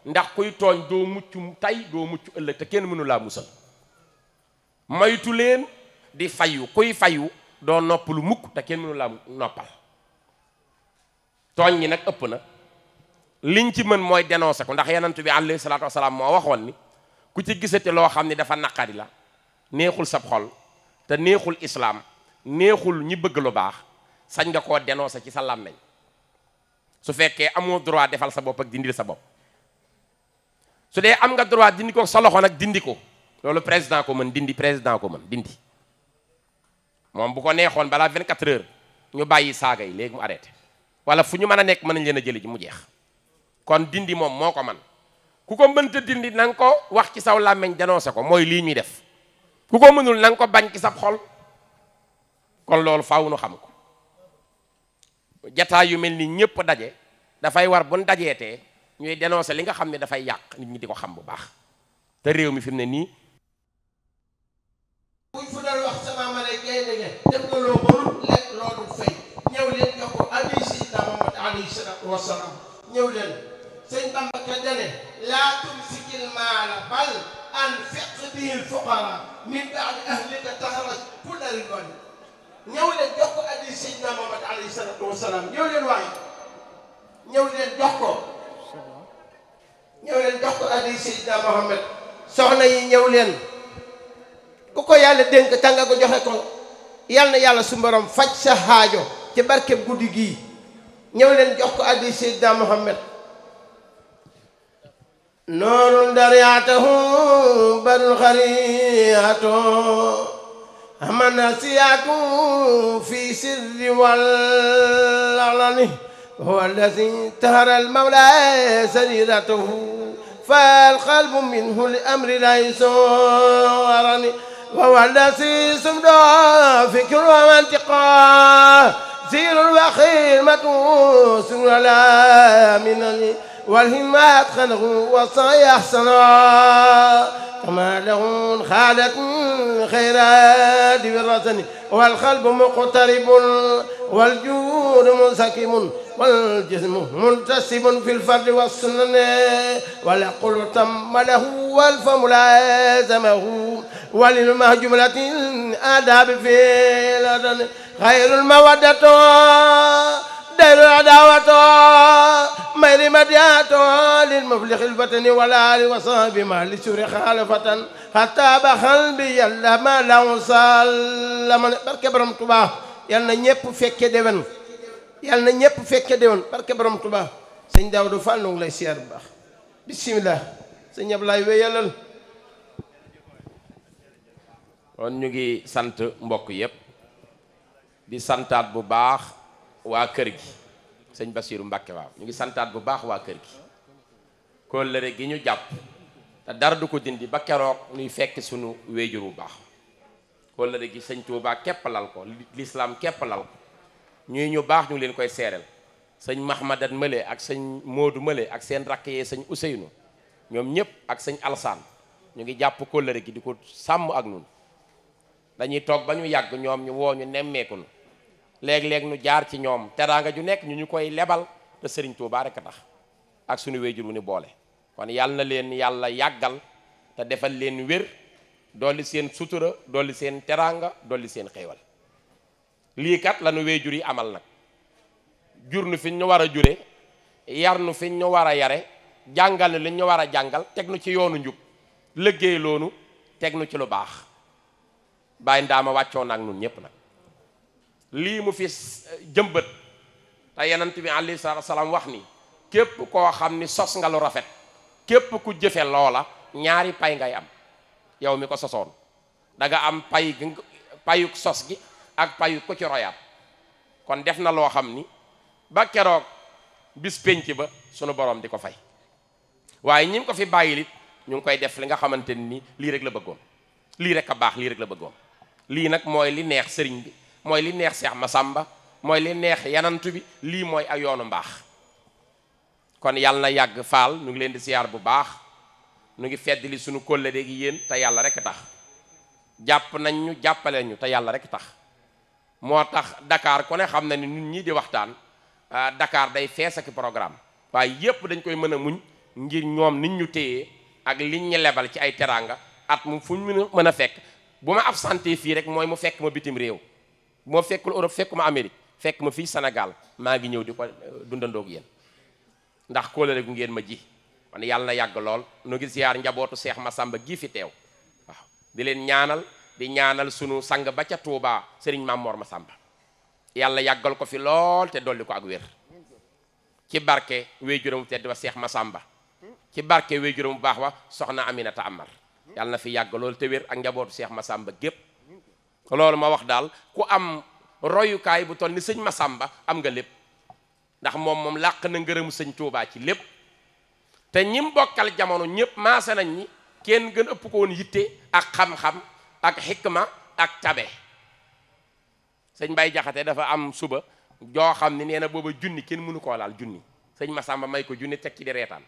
ndax kuy tooñ doo mucc tey doo mucc ëllëg te kenn mënu laa musal moytu leen di fayu kuy fayu doo nopp lu mukk te kenn noppal tooñ gi nag ëpp na liñ ci mën mooy dénoncé ko ndax yenantu bi alayhi salaatu salaam moo waxoon ni ku ci gisati loo xam ni dafa naqari la neexul sa xol te neexul islaam neexul ñi bëgg lu baax sañ nga koo dénoncé ci sa làmmeñ su fekkee amoo droit defal sa bopp ak dindil sa bopp su dee am nga droit dindi ko sa loxo nag dindi ko loolu président ko mën dindi président ko mën dindi moom bu ko neexoon balaa 24 heures ñu bàyyi saaga yi léegi mu arrêté wala fu ñu mën a nekk mën nañ leen a jëli ji mu jeex kon dindi moom moo ko man ku ko mënta dindi na nga ko wax ci saw làmmeñ danoose ko mooy lii ñuy def ku ko mënul na ko bañ ci sab xol kon loolu faw nu xam ko jataay yu mel ni ñëpp daje dafay war buñ dajeetee ñuy dénoncé li nga xam ne dafay yàq nit ñi di ko xam bu baax te réew mi fi mu ne nii wa salaam ñëw leen sëñ Bamba ka dane laa tumsikil maala bal anfiq bihil fuqara min baadi ahlika taxraj kulla ridwan ñëw leen tax ko addi Seydina Muhammad ñëw leen jox ko ñëw leen Muhammad soxna yi ñëw leen ku ko yàlla dénk tànga ko joxe ko yàlla na yàlla su mborom faj sa xaajo ci barkeb guddi gii ñëw leen jox ko addi Seydina Muhammad noorun daryaatahu barul xariyaatu amana siyaatu fi sirri wal alani huwa allazi tahara al mawla sariratahu fal qalbu minhu li amri lay soorani wa huwa allazi sumdo fikru wa mantiqa سير وخيمة سر لا من والهمات خلق وصيحسن كما له خالت خيرات بالرسن والقلب مقترب والجود منسكم والجسم منتسب في الفرد والسنن والعقل تم له والفم لازمه وللمه جملة آداب في الأدن xayrul mawaddatu dayrul adaawatu mayri madiatu lil muflixil watani wal aali wa sahbi ma li suri xaalifatan xataa ba xal bi yàlla ma law sallama barke borom Tuubaa yal na ñëpp fekke déwén yal na ñëpp fekke déwén barke borom Tuubaa sëñ Daawdu Fall nu ngi lay siyaar bu baax bisimilah sëñ Ablaay wéyalal kon ñu ngi sant mbokk yëpp di santaat bu baax waa kër gi sëñ Basiiru Mbàkke waaw ñu ngi santaat bu baax waa kër gi kóllëre gi ñu jàpp te dara du ko dindi ba keroog nuy fekk sunu wéejur bu baax kóllëre gi sëñ Tuubaa keppalal ko lislaam keppalal ko ñuy ñu baax ñu leen koy seereel sëñ Mahmadan Mële ak sëñ Moodu Mële ak seen rakk yee sëñ Useynu ñoom ñëpp ak sëñ Alsaan ñu ngi jàpp kóllëre gi di ko sàmm ak ñun dañuy toog ba ñu yàgg ñoom ñu woo ñu nemmeeku léeg-léeg nu jaar ci ñoom teraanga ju nekk ñu ñu koy lebal te sëriñ Tuubaa rek a tax ak suñu wéyjur wu ni boole kon yàlla na leen yàlla yàggal te defal leen wér dolli seen sutura dolli seen teraanga dolli seen xéewal lii kat la nu wéyjur yi amal nag jur nu fi ñu war a jure yar nu fi ñu war a yare jàngal nu li ñu war a jàngal teg nu ci yoonu njub liggéey loonu teg nu ci lu baax bàyyi ndaama wàccoon ak nun ñépp nag lii mu fi eh, jëmbët te yenant bi alayhi salaatu wasalaam wax ni képp koo xam ni sos nga lu rafet képp ku jëfe loola ñaari pay ngay am yow mi ko sosoon danga am pay gi payuk sos gi ak payu ku ci royaat kon def na loo xam ni ba keroog bis pénc ba sunu borom di ko fay waaye ñi ko fi bàyyil ñu ngi koy def li nga xamante ni lii rek la bëggoon lii rek a baax lii rek la bëggoon lii nag mooy li neex sëriñ bi mooy li neex seex ma sàmba mooy li neex yenant bi lii mooy ak yoonu mbaax kon yàlla na yàgg faal nu ngi leen di siyaar bu baax nu ngi fedd li suñu kóllëre gi yéen te yàlla rek tax jàpp nañ ñu jàppale ñu te yàlla rek tax moo tax dakaar ku ne xam na ni ñun ñii di waxtaan ah, dakaar day fees ak programme waaye yépp dañ koy mën a muñ ngir ñoom nit ñu téye ak liñ ñu lebal ci ay teraanga at mu fuñ mën a fekk bu ma absenté fii rek mooy mu fekk ma bitim réew moo fekkul Europe fekkuma Amérique fekk ma fii senegal maa ngi ñëw di ko euh, dundandoog yéen ndax kóolare gu ngeen ma ji man yàlla na yàgg lool nu gis ziyaar njabootu seex ma Masamba gi fi teew waaw di leen ñaanal di ñaanal sunu sang ba ca Touba Serigne Mamor sàmba yàlla yàggal ko fi lool te dolli ko ak wér ci barke wéyjuram tedd wa seex ma sàmba ci barke wéyjuram bu baax wa soxna ami Aminata Amar yàlla na fi yàgg lool te wér ak njabootu seex ma Masamba gépp loolu ma wax daal ku am royukaay bu toll ni sëñ Masamba am nga lépp ndax moom moom làq na ngërëmu sëñ Tuubaa ci lépp te ñim bokkal jamono ñëpp maase nañ ñi kenn gën ëpp ko woon yitte ak xam-xam ak xikma ak tabe sëñ Bay Jaxate dafa am suba joo xam ni nee na booba junni kenn mënu koo laal junni sëñ Masamba may ko junni teg ci di reetaan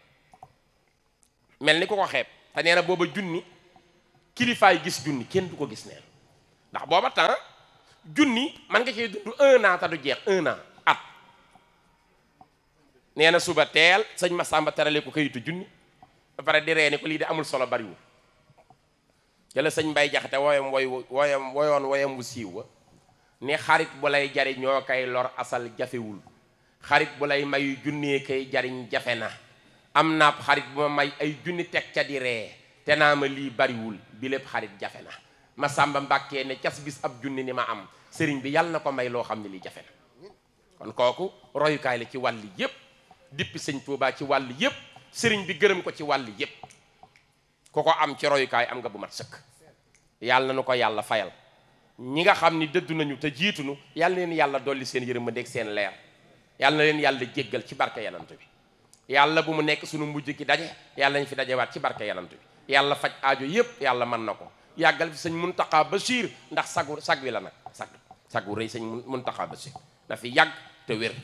mel ni ku ko xeeb te nee na booba junni kilifaay gis junni kenn du ko gis neen ndax booba temps junni man nga cee dund un du jeex un at nee na suba teel sëñ ma sàmba terale ko kayitu junni ba pare di ree ni ko lii de amul solo bariwul jëla sëñ Mbay Jaxate woyam woy woyam woyoon wu siiw wa ne xarit bu lay jariñoo kay lor asal jafewul xarit bu lay mayu junnee kay jariñ jafe na am naab xarit bu ma may ay junni teg ca di ree te naa ma lii bariwul bi lépp xarit jafe na ma sàmba mbàkkee ne cas bis ab junni ni ma am sëriñ bi yàlla na ko may loo xam ne li jafe na kon kooku royukaay la ci wàll yépp dippi sëñ Tuubaa ci wàll yépp sëriñ bi gërëm ko ci wàll yépp ku ko am ci royukaay am nga bu mat sëkk yàlla na nu ko yàlla fayal ñi nga xam ni dëddu nañu te jiitunu yàlla na leen yàlla dolli seen yërmande ak seen leer yàlla na leen yàlla jéggal ci barke yanant bi yàlla bu mu nekk sunu mujj ki daje yàlla nañ fi dajewaat ci barke yanant bi yàlla faj aajo yépp yàlla mën na ko yàggal fi sëñ Muntaxa Basiir ndax sagu sag wi la nag sag sag wu rëy sëñ Muntaxa Basiir na fi yàgg te wér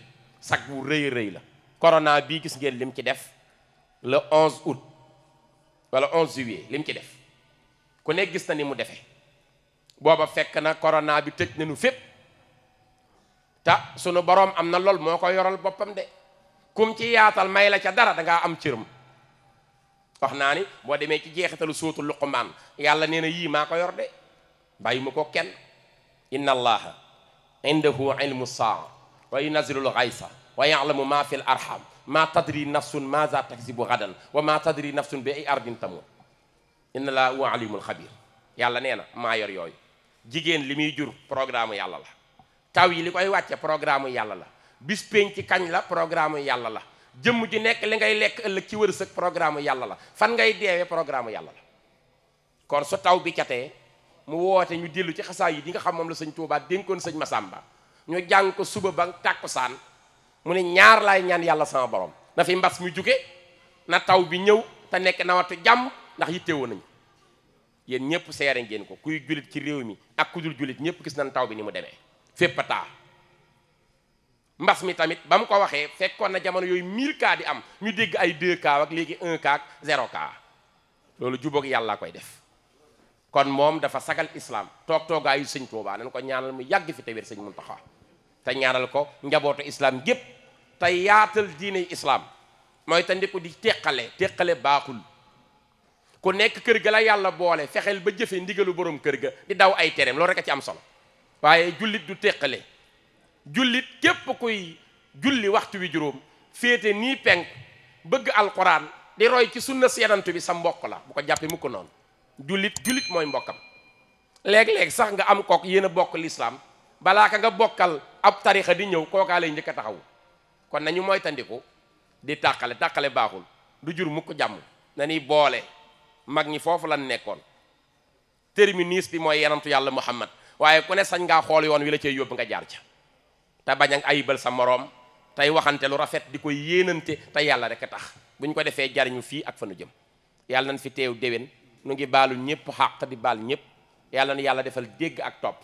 sag wu rëy rëy la corona bii gis ngeen lim ci def le 11 août wala 11 juillet lim ci def ku ne gis na ni mu defee booba fekk na corona bi tëj nu fépp te sunu boroom am na lool moo ko yoral boppam de kum ci yaatal may la ca dara dangaa am cërëm wax naa ni boo demee ci jeexitalu sóotu luqmaan yàlla nee na yii maa ko yor de bàyyi ma ko kenn inna allaha indahu ilmu saa wa yunazilu lxaysa wa yalamu ma fi l ma tadri nafsun maza taksibu gadan wa ma tadri nafsun bi ay ardin tamut inna laa huwa alimul xabir yàlla nee na maa yor yooyu jigéen li muy jur programme yàlla la taw yi li koy wàcce programme yàlla la bis pénc kañ la programme yàlla la jëmm ji nekk li ngay lekk ëllëg ci wërsëg programme yàlla la fan ngay deewee programme yàlla la kon su taw bi cate mu woote ñu dellu ci xasaa yi di nga xam moom la sëñ Tuubaa dénkoon sëñ Masamba ñu jàng ko suba ba tàkkusaan mu ne ñaar laay ñaan yàlla sama borom na fi mbas mu jóge na taw bi ñëw te nekk na nawatu jàmm ndax yittewoo nañu yéen ñëpp seere ngeen ko kuy jullit ci réew mi ak ku dul jullit ñëpp gis nañ taw bi ni mu demee fépp mbas mi tamit ba mu ko waxee fekkoon na jamono yooyu 1000 cas di am ñu dégg ay 2 cas ak léegi 1 cas ak 0 cas loolu jubóog yàlla koy def kon moom dafa sagal islam toog toogaayu sëñ Tuubaa nañ ko ñaanal mu yàgg fi te wér sëñ Muntaxa te ñaanal ko njabootu islam gépp te yaatal diine islam mooy te ndiku di teqale teqale baaxul ku nekk kër ga la yàlla boole fexeel ba jëfe ndigalu boroom kër ga di daw ay tereem loolu rek a ci am solo jullit képp kuy julli waxtu wi juróom féete nii penk bëgg alxuraan di roy ci sunna yenantu bi sa mbokk la bu ko jàppee mu ko noonu jullit jullit mooy mbokkam léeg-léeg sax nga am kook yéen a bokk lislaam balaa ka nga bokkal ab tarixa di ñëw kookaa lay njëkk a taxaw kon nañu mooy tandiku di tàqale tàqale baaxul du jur mukk jàmm na ni boole mag ñi foofu lan nekkoon terminus bi mooy yenantu yàlla muhammad waaye ku ne sañ ngaa xool yoon wi la cay yóbbu nga jaar ca te bañ ayibal sa moroom tey waxante lu rafet di ko yéenante te yàlla rek a tax bu ñu ko defee jariñu fii ak fa nu jëm yàlla nañ fi teew déwén nu ngi baalu ñëpp xàq di baal ñëpp yàlla na yàlla defal dégg ak topp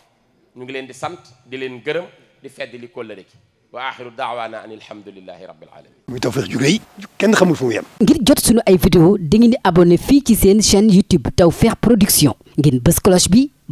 ñu ngi leen di sant di leen gërëm di fedd li kóllëre gi wa axiru daawaana an alhamdulilahi rabbil alamin muy tawfeex ju rëy kenn xamul fu mu yem ngir jot suñu ay vidéo dangeen di abonné fii ci seen chaîne YouTube Tawfekh Production ngeen bës